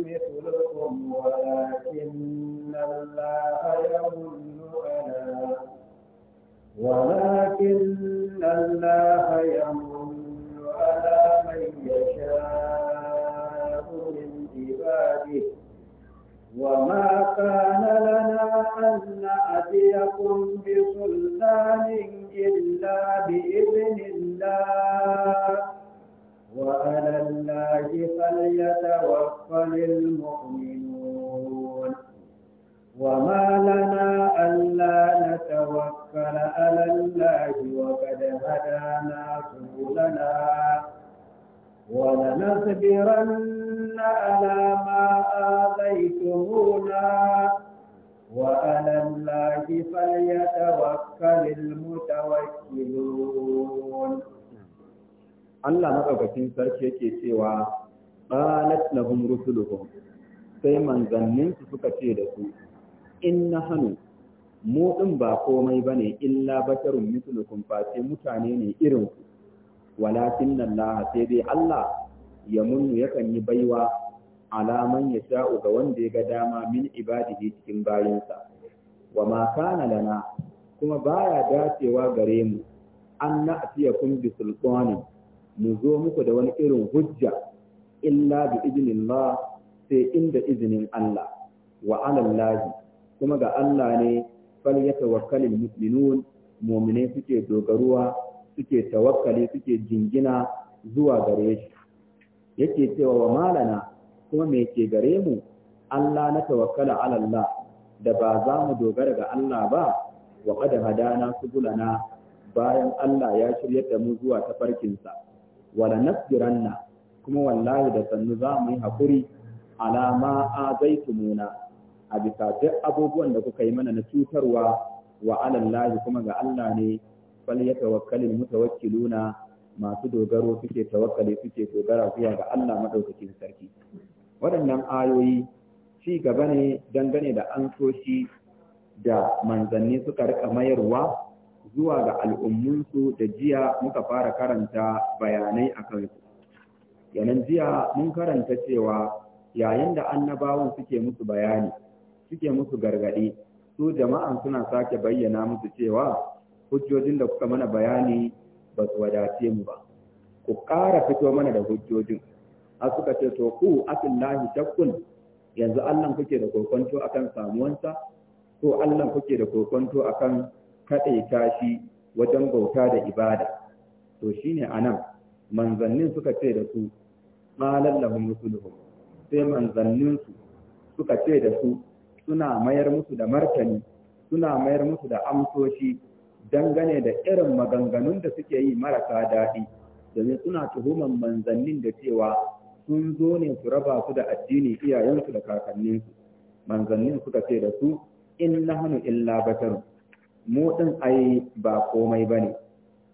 مثلكم ولكن الله يمن على ولكن الله يمن على من يشاء من عباده وما كان لنا أن نأتيكم بسلطان إلا بإذن الله وعلى الله فليتوكل المؤمنون وما لنا ألا نتوكل على الله وقد هدانا سبلنا ولنصبرن على ما آذيتمونا وعلى الله فليتوكل المتوكلون Allah madaukakin sarki yake cewa qalat lahum rusuluhum sai manzannin su suka ce da su inna hanu mu din ba komai bane illa basharun mislukum fa sai mutane ne irin ku walakin Allah sai dai Allah ya munnu yakan yi baiwa alaman ya sha'u ga wanda ya ga dama min ibadihi cikin bayinsa wa ma kana lana kuma baya dacewa gare mu an na'tiyakum bi mu zo muku da wani irin hujja illa bi izinillah sai inda izinin Allah wa alallahi kuma ga Allah ne fal yatawakkalul mu'minun mu'mine suke dogaruwa suke tawakkali suke jingina zuwa gare shi yake cewa wa malana kuma me ke gare mu Allah na tawakkala alallah da ba za mu dogara ga Allah ba wa qad hadana subulana bayan Allah ya shirya da mu zuwa tafarkinsa wala nasbiranna kuma wallahi da sannu za mu yi hakuri ala ma azaitumuna a bisa duk abubuwan da kuka yi mana na cutarwa wa alallahi kuma ga Allah ne fal ya tawakkalin mutawakkiluna masu dogaro suke tawakkali suke dogara zuwa ga Allah madaukakin sarki waɗannan ayoyi ci gaba ne dangane da an ansoshi da manzanni suka rika mayarwa zuwa ga al'ummunsu da jiya muka fara karanta bayanai a kansu. Yanan jiya mun karanta cewa yayin da annabawan suke musu bayani, suke musu gargaɗi, su jama'an suna sake bayyana musu cewa hujjojin da kuka mana bayani ba su wadace mu ba. Ku ƙara fito mana da hujjojin, a suka ce to ku asin lahi shakkun yanzu Allah kuke da kokonto akan samuwansa, ko Allah kuke da kokonto akan kaɗaita shi wajen bauta da ibada to shine anan manzannin suka ce da su qalan lahum sai manzannin su suka ce da su suna mayar musu da martani suna mayar musu da amsoshi dangane da irin maganganun da suke yi marasa daɗi domin suna tuhuman manzannin da cewa sun zo ne su raba su da addini iyayensu da kakanninsu manzannin suka ce da su in nahnu illa basharun mu din ai ba komai bane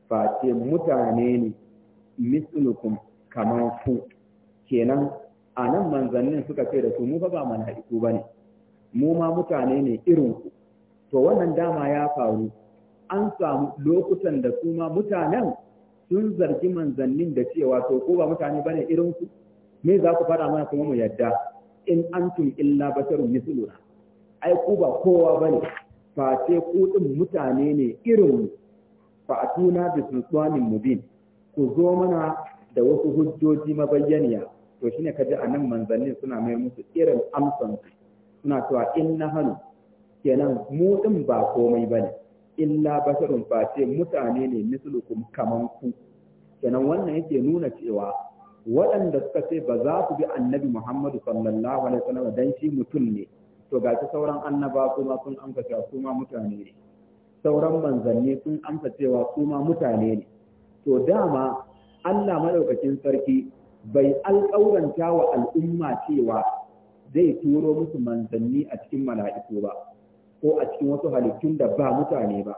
face mutane ne mislukum kamar ku kenan a nan manzannin suka ce da su mu ba mala'iku bane mu ma mutane ne irin ku to wannan dama ya faru an samu lokutan da su ma mutanen sun zargi manzannin da cewa to ko ba mutane bane irin ku me za ku fara mana kuma mu yadda in antum illa basarun misluna ai ku ba kowa bane face ku din mutane ne irin fa'atuna bi sultanin mubin ku zo mana da wasu hujjoji mabayyaniya to shine ji anan manzanni suna mai musu irin amsan suna cewa in na hannu kenan mu din ba komai bane illa basharun face mutane ne mislukum kaman ku kenan wannan yake nuna cewa waɗanda suka ce ba za su bi annabi Muhammadu sallallahu alaihi wasallam dan shi mutum ne to ga ta sauran annaba kuma sun amsa cewa su ma mutane ne sauran manzanni sun amsa cewa su ma mutane ne to dama Allah madaukakin sarki bai alƙauranta wa al'umma cewa zai turo musu manzanni a cikin mala'iku ba ko a cikin wasu halittun da ba mutane ba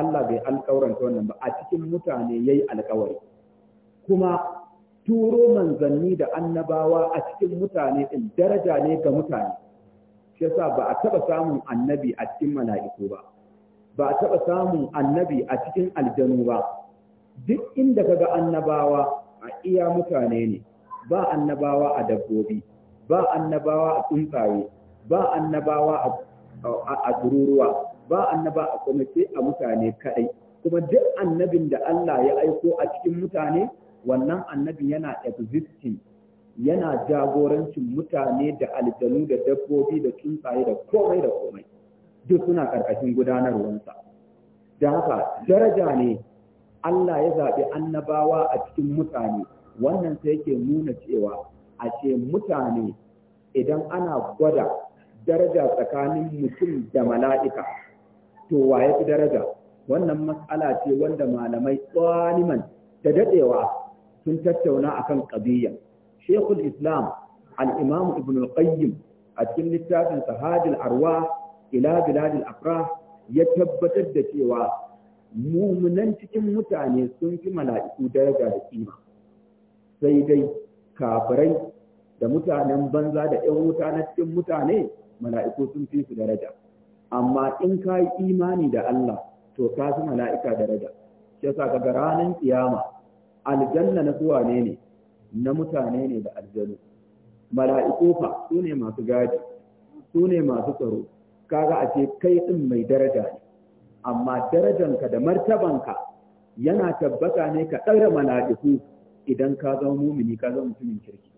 Allah bai alƙauranta wannan ba a cikin mutane yayi alƙawari kuma turo manzanni da annabawa a cikin mutane in daraja ne ga mutane shi yasa ba a taba samun annabi a cikin mala'iku ba ba a taɓa samun annabi a cikin aljanu ba duk inda kaga annabawa a iya mutane ne ba annabawa a dabbobi ba annabawa a tsuntsaye ba annabawa a tururuwa ba annaba a kuma a mutane kaɗai, kuma duk annabin da Allah ya aiko a cikin mutane wannan annabin yana existing yana jagorancin mutane da aljanu da dabbobi da tsuntsaye da komai da komai duk suna ƙarƙashin gudanarwansa da haka daraja ne Allah ya zaɓi annabawa a cikin mutane wannan sai yake nuna cewa a ce mutane idan ana gwada daraja tsakanin mutum da mala'ika to wa ya fi daraja wannan matsala ce wanda malamai tsaniman da daɗewa sun tattauna akan ƙabiyya shekul islam al'imamu ibn al-qayyim a cikin littafin sahadil arwa ila biladil afra ya tabbatar da cewa mumunan cikin mutane sun fi mala'iku daraja da kima sai dai kafirai da mutanen banza da ‘yan wuta na cikin mutane mala'iku sun fi su daraja amma in ka yi imani da Allah to ka fi mala'ika daraja shi yasa ranar ƙiyama aljanna na zuwa ne ne na mutane ne da aljanu mala'iku fa su ne masu gadi su ne masu tsaro kaga a ce kai din mai daraja ne amma darajanka da martabanka yana tabbata ne ka ɗaura mala'iku idan ka zama mumini ka zama mutumin kirki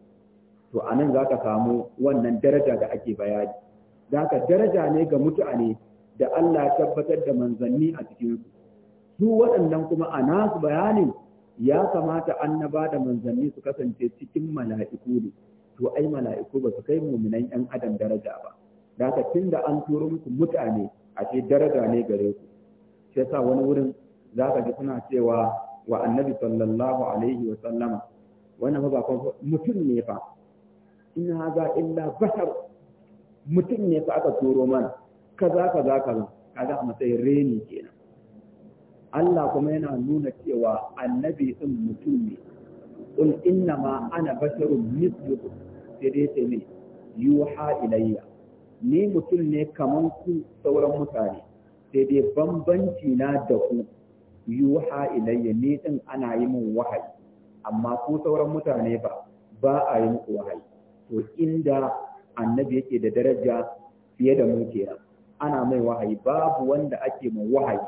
to a nan za ka samu wannan daraja da ake bayani za ka daraja ne ga mutane da Allah tabbatar da manzanni a cikinsu su waɗannan kuma a nasu bayanin ya kamata annaba da manzanni su kasance cikin mala'iku ne to ai mala'iku ba su kai muminan yan adam daraja ba da haka da an turo muku mutane a ce daraja ne gare ku shi yasa wani wurin za ka ji suna cewa wa annabi sallallahu alaihi wa sallama wannan ba mutum ne fa in haza illa bashar mutum ne fa aka turo mana kaza kaza kaza kaza a matsayin reni kenan Allah kuma yana nuna cewa annabi din mutum ne qul inna ma ana basharun mithlukum sai dai sai ne ilayya ni mutum ne kaman ku sauran mutane sai dai bambanci na da ku yuha ilayya ni din ana yi min wahayi amma ku sauran mutane ba ba a yi muku wahayi to inda annabi yake da daraja fiye da mu kenan ana mai wahayi babu wanda ake mai wahayi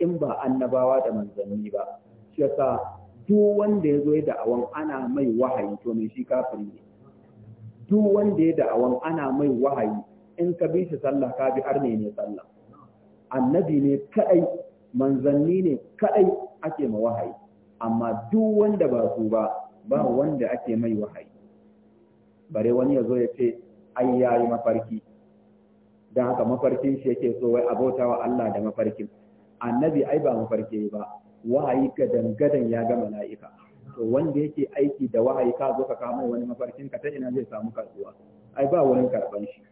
in ba annabawa da manzanni ba shi yasa duk wanda ya zo ya da'awan ana mai wahayi to mai shi kafiri ne duk wanda ya da'awan ana mai wahayi in ka bi shi sallah ka bi arne ne sallah annabi ne kadai manzanni ne kadai ake ma wahayi amma duk wanda ba su ba ba wanda ake mai wahayi bare wani ya zo ya ce ai yayi mafarki Dan haka mafarkin shi yake so wai abota wa Allah da mafarkin annabi ai ba mafarke ba wahayi gadan gadan ya ga mala'ika to wanda yake aiki da wahayi ka zo ka kama wani mafarkin ka ta ina zai samu karbuwa ai ba wurin karban shi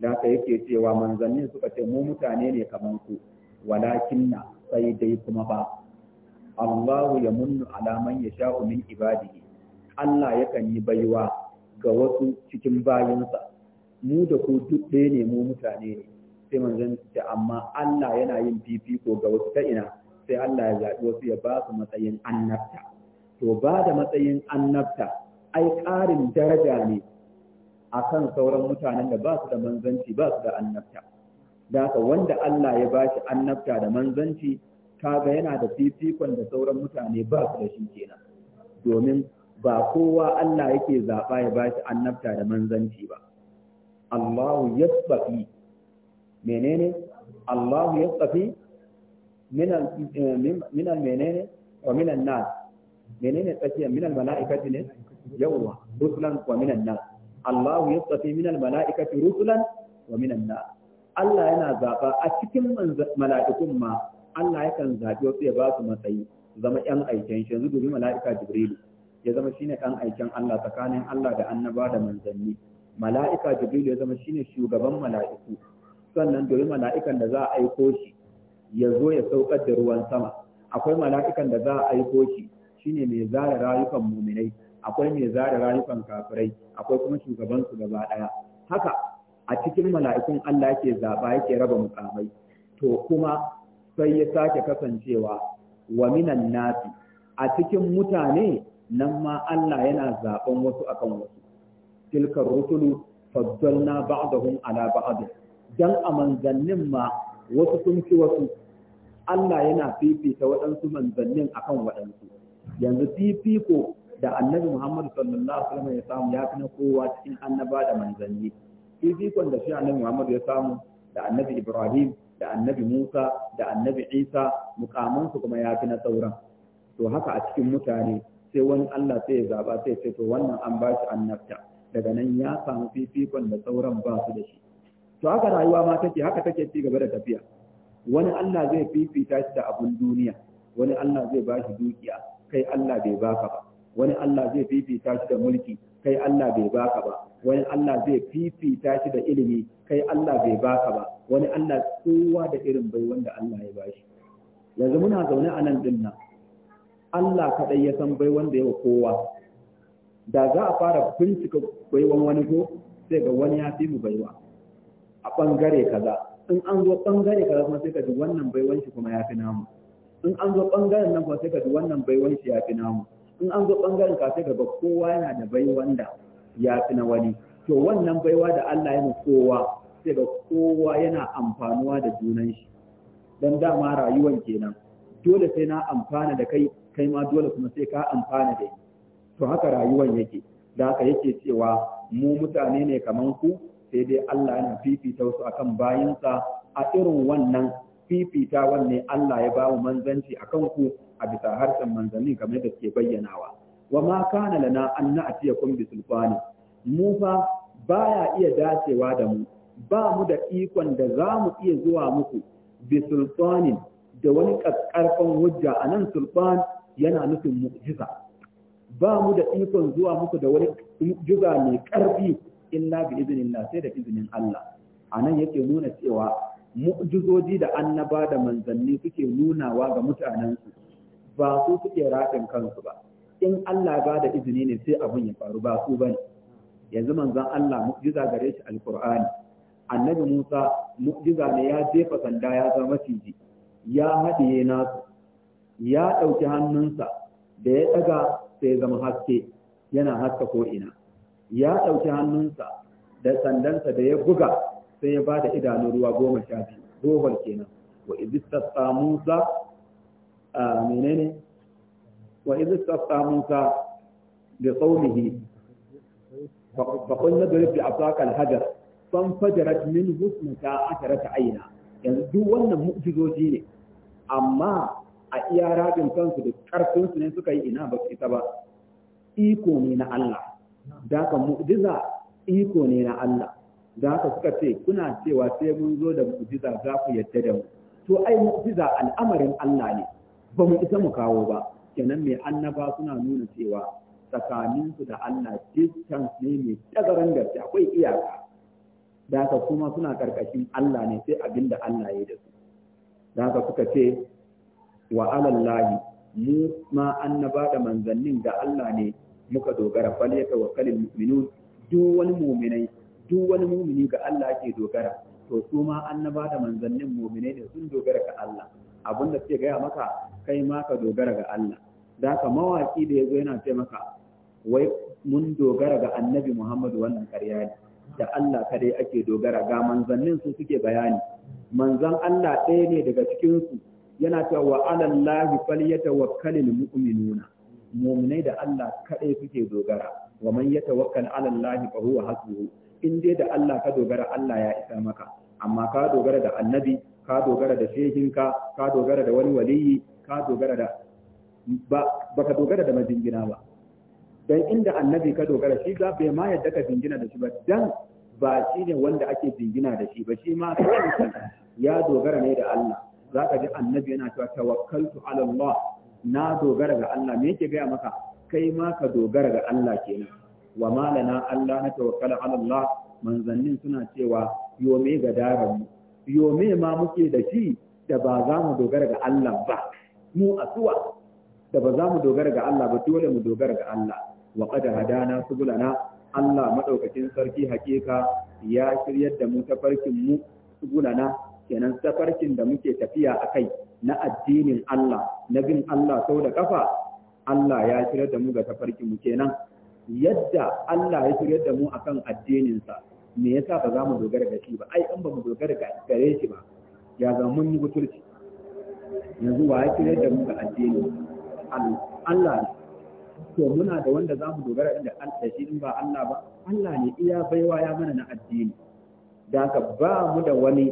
da ka yake cewa manzannin suka ce mu mutane ne kamar ku walakinna sai dai kuma ba Allahu ya munnu alaman ya sha'u min ibadihi Allah yakan yi baiwa ga wasu cikin bayinsa mu da ku duk ɗaya ne mu mutane ne sai manzon ce amma Allah yana yin fifiko ga wasu ta ina sai Allah ya zaɓi wasu ya ba su matsayin annabta to ba da matsayin annabta ai ƙarin daraja ne akan sauran mutanen da ba su da manzanci ba su da annabta da haka wanda Allah ya ba shi annabta da manzanci kaga yana da fifikon da sauran mutane ba su da shi kenan domin ba kowa Allah yake zaɓa ya ba shi annabta da manzanci ba Allahu yasbafi menene Allah ya tsafi eh, minal menene wa minan nas menene tsakiya minal mala'ikati ne yawwa rusulan wa minan nas Allah ya tsafi minal mala'ikati rusulan wa minan nan. Allah yana zaba a cikin mala'ikun ma Allah yakan zabi wasu ya ba su matsayi zama yan aikin shi yanzu dubi mala'ika Jibrilu ya zama shine kan aikin Allah tsakanin Allah da annaba da manzanni mala'ika jibrilu ya zama shine shugaban mala'iku sannan domin mala'ikan da za a aiko shi ya zo ya saukar da ruwan sama akwai mala'ikan da za a aiko shi shine mai zara rayukan muminai akwai mai zare rayukan kafirai akwai kuma shugaban su gaba daya haka a cikin mala'ikun Allah yake zaba yake raba mukamai to kuma sai ya sake kasancewa wa minan nasi a cikin mutane nan ma Allah yana zaben wasu akan wasu tilkar rusulu faddalna ba'dahum ala ba'd don a manzannin ma wasu sun fi wasu Allah yana fifita waɗansu manzannin akan waɗansu yanzu fifiko da annabi Muhammad sallallahu alaihi wasallam ya samu ya fi na kowa cikin annaba da manzanni fifikon da shi annabi Muhammad ya samu da annabi Ibrahim da annabi Musa da annabi Isa su kuma ya fi na sauran to haka a cikin mutane sai wani Allah sai ya zaba sai ce to wannan an ba shi annabta daga nan ya samu fifikon da sauran ba su da shi to haka rayuwa ma take haka take ci gaba da tafiya wani Allah zai fifita shi da abun duniya wani Allah zai ba shi dukiya kai Allah bai baka ba wani Allah zai fifita shi da mulki kai Allah bai baka ba wani Allah zai fifita shi da ilimi kai Allah bai baka ba wani Allah kowa da irin bai wanda Allah ya bashi yanzu muna zaune a nan din nan Allah kaɗai ya san bai wanda yawa kowa da za a fara bincika baiwan wani ko sai ga wani ya fi mu baiwa a ɓangare kaza in an zo ɓangare kaza kuma sai ka ji wannan baiwanci kuma ya fi namu in an zo ɓangaren nan kuma sai ka ji wannan baiwanci ya fi namu in an zo ɓangaren ka sai ka ga kowa yana da baiwan da ya fi na wani to wannan baiwa da Allah ya kowa sai ga kowa yana amfanuwa da junan shi da dama rayuwan kenan dole sai na amfana da kai kai ma dole kuma sai ka amfana da ni to haka rayuwan yake da haka yake cewa mu mutane ne kaman ku sai dai Allah yana fifita wasu akan bayinsa a irin wannan fifita wanne Allah ya bawa manzanci akan ku a bisa harshen manzanni kamar da suke bayyanawa wa ma kana lana an na'tiyakum bi sulfani mu fa baya iya dacewa da mu ba mu da ikon da za mu iya zuwa muku bi da wani ƙarfan hujja a nan sulfan yana nufin mu'jiza ba mu da ikon zuwa muku da wani mu'jiza mai ƙarfi illa bi idinillah sai da izinin Allah anan yake nuna cewa mu'jizoji da annaba da manzanni suke nunawa ga mutanensu ba su suke raɗin kansu ba in Allah ba da izini ne sai abun ya faru ba su bane yanzu manzon Allah mu'jiza gare shi alqur'ani annabi Musa mu'jiza ne ya jefa sanda ya zama maciji ya haɗiye nasu ya ɗauki hannunsa da ya ɗaga sai zama haske yana haska ko ina ya ɗauki hannunsa da sandansa da ya buga sai ya ba da idanu ruwa goma sha biyu gohol kenan wa izistasta musa a menene wa izistasta musa da tsaunihi faƙon na gari fi afakal hajar san fajarat min husnata ta aina yanzu duk wannan mu'jizoji ne amma a iya rabin kansu da karfinsu ne suka yi ina ba ita ba iko ne na Allah da mu'jiza iko ne na Allah da haka suka ce kuna cewa sai mun zo da mu'jiza za ku yadda da mu to ai mu'jiza al'amarin Allah ne ba mu isa mu kawo ba kenan mai annaba suna nuna cewa tsakaninsu da Allah distance ne mai tazaran gaske akwai iyaka da haka kuma suna karkashin Allah ne sai abinda da Allah ya da su da haka suka ce wa alallahi mu ma annaba da manzannin da Allah ne muka dogara fal ya tawakkalul mu'minun duk wani mu'minai duk wani mu'mini ga Allah yake dogara to su ma annaba da manzannin mu'minai ne sun dogara ga Allah da suke gaya maka kai ma ka dogara ga Allah da ka mawaki da yazo yana ce maka wai mun dogara ga annabi Muhammadu wannan ƙarya ne da Allah kadai ake dogara ga manzannin su suke bayani manzan Allah ɗaya ne daga cikin su yana cewa wa alallahi falyatawakkalul mu'minuna mu'minai da Allah kaɗai suke dogara wa man yatawakkal ala Allah fa huwa hasbuhu in dai da Allah ka dogara Allah ya isa maka amma ka dogara da annabi ka dogara da shehinka ka dogara da wani waliyi ka dogara da ba baka dogara da majingina ba dan inda annabi ka dogara shi za bai ma yadda ka jingina da shi ba dan ba shi ne wanda ake jingina da shi ba shi ma ya dogara ne da Allah za ka ji annabi yana cewa tawakkaltu ala Allah na dogara ga Allah me yake gaya maka kai ma ka dogara ga Allah kenan wa malana Allah na tawakkala ala Allah manzannin suna cewa yo me ga daren mu yo ma muke da shi da ba za mu dogara ga Allah ba mu asuwa da ba za mu dogara ga Allah ba dole mu dogara ga Allah wa qad hadana subulana Allah madaukakin sarki hakika ya shiryar da mu tafarkin mu subulana kenan tafarkin da muke tafiya akai na addinin Allah na bin Allah sau da kafa Allah ya shirya da mu ga tafarki mu kenan yadda Allah ya shirya da mu akan addininsa me yasa ba za mu dogara ga shi ba ai in ba mu dogara ga gare shi ba ya ga mun yi butulci yanzu wa ya shirya da mu ga addini Allah ne to muna da wanda za mu dogara inda da shi in ba Allah ba Allah ne iya baiwa ya mana na addini da ka ba mu da wani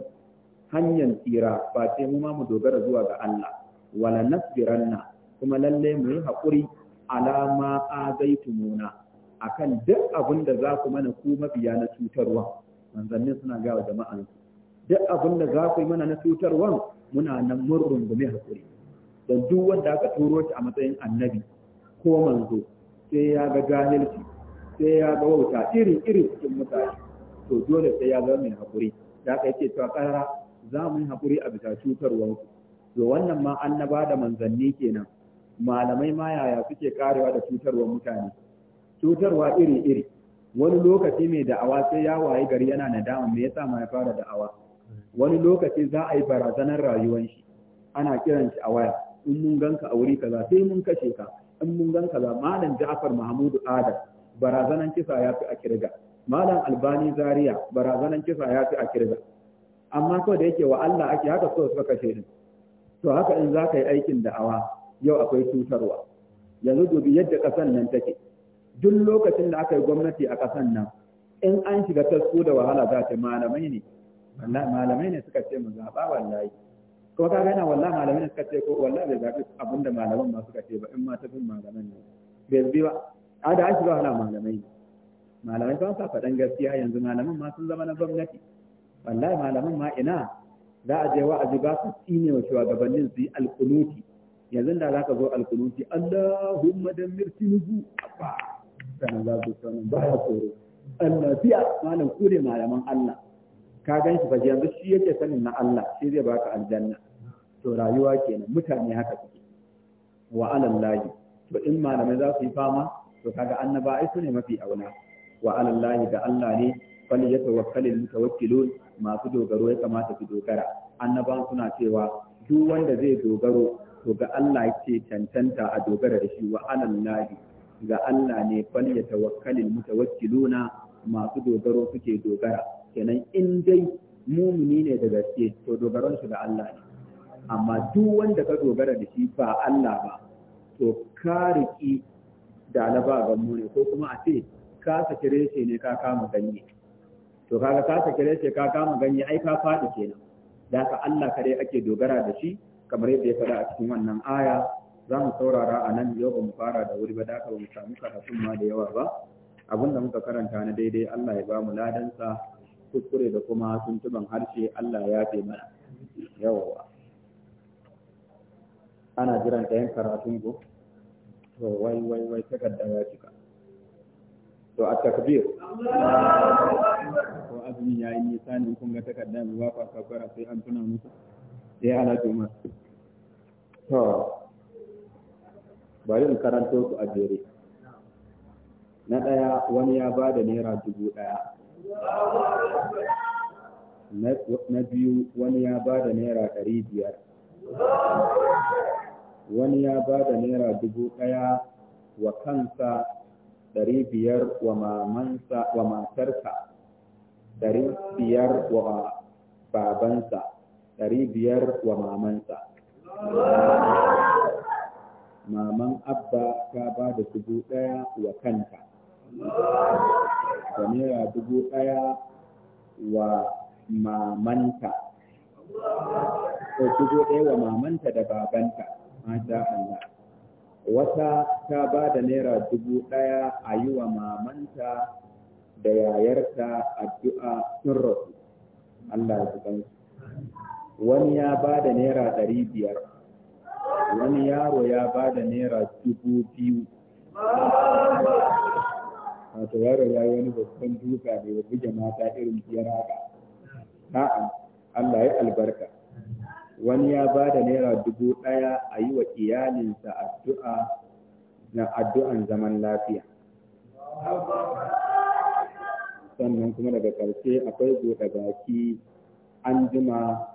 hanyar tsira ba sai mu ma mu dogara zuwa ga Allah wala nasbiranna kuma lalle mu yi ala alama azaitumuna akan duk abin da za ku mana ku mabiya na cutarwa manzannin suna ga wa jama'an duk abin da za ku mana na cutarwan muna nan mun rungume hakuri dan duk wanda aka turo shi a matsayin annabi ko manzo sai ya ga jahilci sai ya ga wauta iri iri cikin mutane to dole sai ya ga mai hakuri da aka yake cewa ƙarara za mu yi haƙuri a bisa cutarwarku to wannan ma an annaba da manzanni kenan malamai ma yaya suke karewa da cutarwar mutane cutarwa iri-iri wani lokaci mai da'awa sai ya waye gari yana nadama me yasa ma ya fara da'awa wani lokaci za a yi barazanar rayuwar shi ana kiran shi a waya in mun ganka a wuri kaza sai mun kashe ka in mun ganka za malam Ja'far Mahmudu Adam barazanan kisa ya fi a kirga malam Albani Zaria barazanan kisa ya fi a kirga amma ko da yake wa Allah ake haka so suka kashe ni to haka in za ka yi aikin da'awa yau akwai cutarwa yanzu dubi yadda ƙasan nan take duk lokacin da aka yi gwamnati a ƙasan nan in an shiga tasku da wahala za ta malamai ne malamai ne suka ce mu zaɓa wallahi ko ka gana wallahi malamai ne suka ce ko wallahi bai zaɓi abin da malaman ma suka ce ba in ma ta bin malaman ne bai zubi ba a da an shiga wahala malamai ne malamai ba sa faɗan gaskiya yanzu malaman ma sun zama na gwamnati wallahi malaman ma ina za a je wa'azi ba su tsine wa shugabannin su yi alkunuti yanzu da za ka zo alkunuti Allahumma dammir tinubu abba sanan za su sanan ba ya tsoro Allah biya malam ku ne malaman Allah ka gan shi fa yanzu shi yake sanin na Allah shi zai baka aljanna to rayuwa kenan mutane haka suke wa alallahi to in malamai za su yi fama to kaga annaba su ne mafi auna wa alallahi da Allah ne fal yatawakkalul mutawakkilun masu dogaro ya kamata su dogara annaban suna cewa duk wanda zai dogaro to ga Allah yake cancanta a dogara da shi wa alallahi ga Allah ne fal ya tawakkalil mutawakkiluna masu dogaro suke dogara kenan in dai mumini ne da gaske to dogaron shi ga Allah ne amma duk wanda ka dogara da shi ba Allah ba to ka riki da alaba ga mu ne ko kuma a ce ka saki reshe ne ka kama ganye to kaga ka saki ce ka kama ganye ai ka faɗi kenan da ka Allah kare ake dogara da shi kamar yadda ya faɗa a cikin wannan aya za mu saurara a nan yau ba mu fara da wuri ba da ka ba mu samu karatun ma da yawa ba abin da muka karanta na daidai Allah ya ba mu ladansa kuskure da kuma tuntuban harshe Allah ya fi mana yawa ana jiran ɗayan karatun ko to wai wai wai takarda ya cika to a takbir ko azumi ya yi nisa ne kun ga takarda mai wafa kafara sai an tuna musu sai alhaji juma to bari in karanto su a jere na ɗaya wani ya ba da naira dubu ɗaya na biyu wani ya ba da naira ɗari biyar wani ya ba da naira dubu ɗaya wa kansa ɗari biyar wa mamansa wa matarsa ɗari biyar wa babansa ɗari biyar wa mamansa maman abba ta ba da dubu ɗaya wa kanta da naira dubu ɗaya wa mamanta ko dubu ɗaya wa mamanta da babanta masha Allah wata ta ba da naira dubu ɗaya a yi wa mamanta da yayarta addu'a sun rasu Allah ya su wani ya ba da naira ɗari biyar wani yaro ya ba da naira dubu biyu wato yaro ya yi wani babban duka da ya buge mata irin biyar haka na'am Allah ya albarka wani ya ba da naira dubu ɗaya a yi wa iyalinsa addu'a na addu'an zaman lafiya sannan kuma daga ƙarshe akwai buɗe baki an jima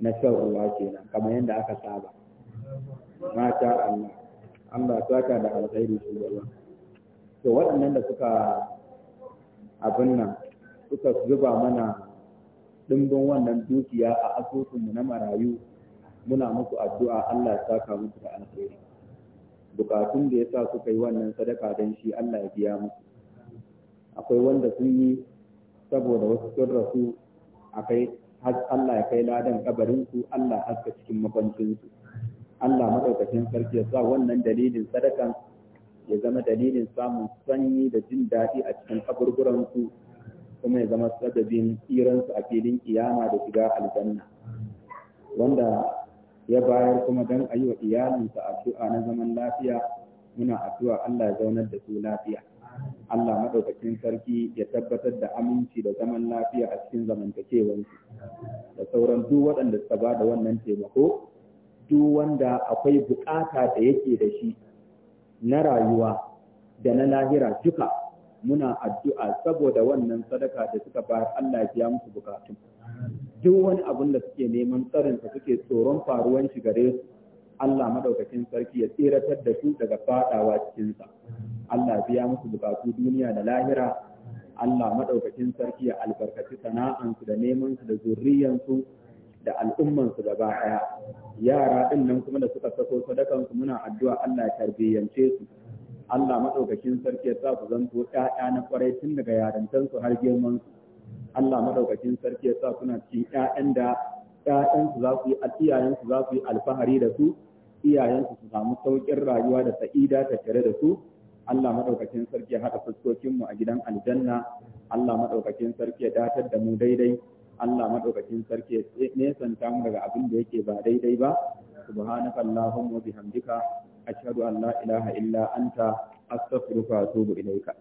na shan ruwa kenan kamar yadda aka saba mata Allah Allah saka da alkhairi su gaba to waɗannan da suka abin nan suka zuba mana ɗimbin wannan dukiya a asusunmu na marayu muna muku addu'a Allah ya saka muku da alheri bukatun da ya sa suka yi wannan sadaka don shi Allah ya biya musu akwai wanda sun yi saboda wasu sun rasu akai har Allah ya kai ladan kabarin su Allah haska cikin makwancin Allah madaukakin sarki ya sa wannan dalilin sadakan ya zama dalilin samun sanyi da jin daɗi a cikin kaburburan kuma ya zama sadabin tsiransu a filin kiyama da shiga aljanna wanda ya bayar kuma don a yi wa iyalinsa addu'a na zaman lafiya muna addu'a Allah ya zaunar da su lafiya Allah madaukakin sarki ya tabbatar da aminci da zaman lafiya a cikin zamantakewansu da sauran duk waɗanda suka ba da wannan taimako duk wanda akwai bukata da yake da shi na rayuwa da na lahira duka muna addu'a saboda wannan sadaka da suka bayar Allah ya musu bukatu duk wani abun da suke neman tsarin suke tsoron faruwan shi gare su Allah madaukakin sarki ya tsiratar da su daga fadawa cikin sa Allah biya musu bukatu duniya da lahira Allah madaukakin sarki ya albarkaci sana'ansu da neman su da zurriyansu da al'ummansu gaba ɗaya yara ɗin kuma da suka sako sadakansu muna addu'a Allah ya tarbiyyance su Allah madaukakin sarki ya sa ku zanto ƴaƴa na kwarai tun daga yarantansu har girman su Allah madaukakin sarki ya sa suna cikin ƴaƴan da ƴaƴansu za su yi iyayensu za su yi alfahari da su iyayensu su samu sauƙin rayuwa da sa'ida ta tare da su Allah madaukakin sarki ya haɗa fuskokinmu a gidan aljanna Allah madaukakin sarki ya datar da mu daidai Allah madaukakin sarki ya nesanta mu daga abin da yake ba daidai ba subhanakallahumma wa bihamdika ashhadu an la ilaha illa anta astaghfiruka wa bu ilaika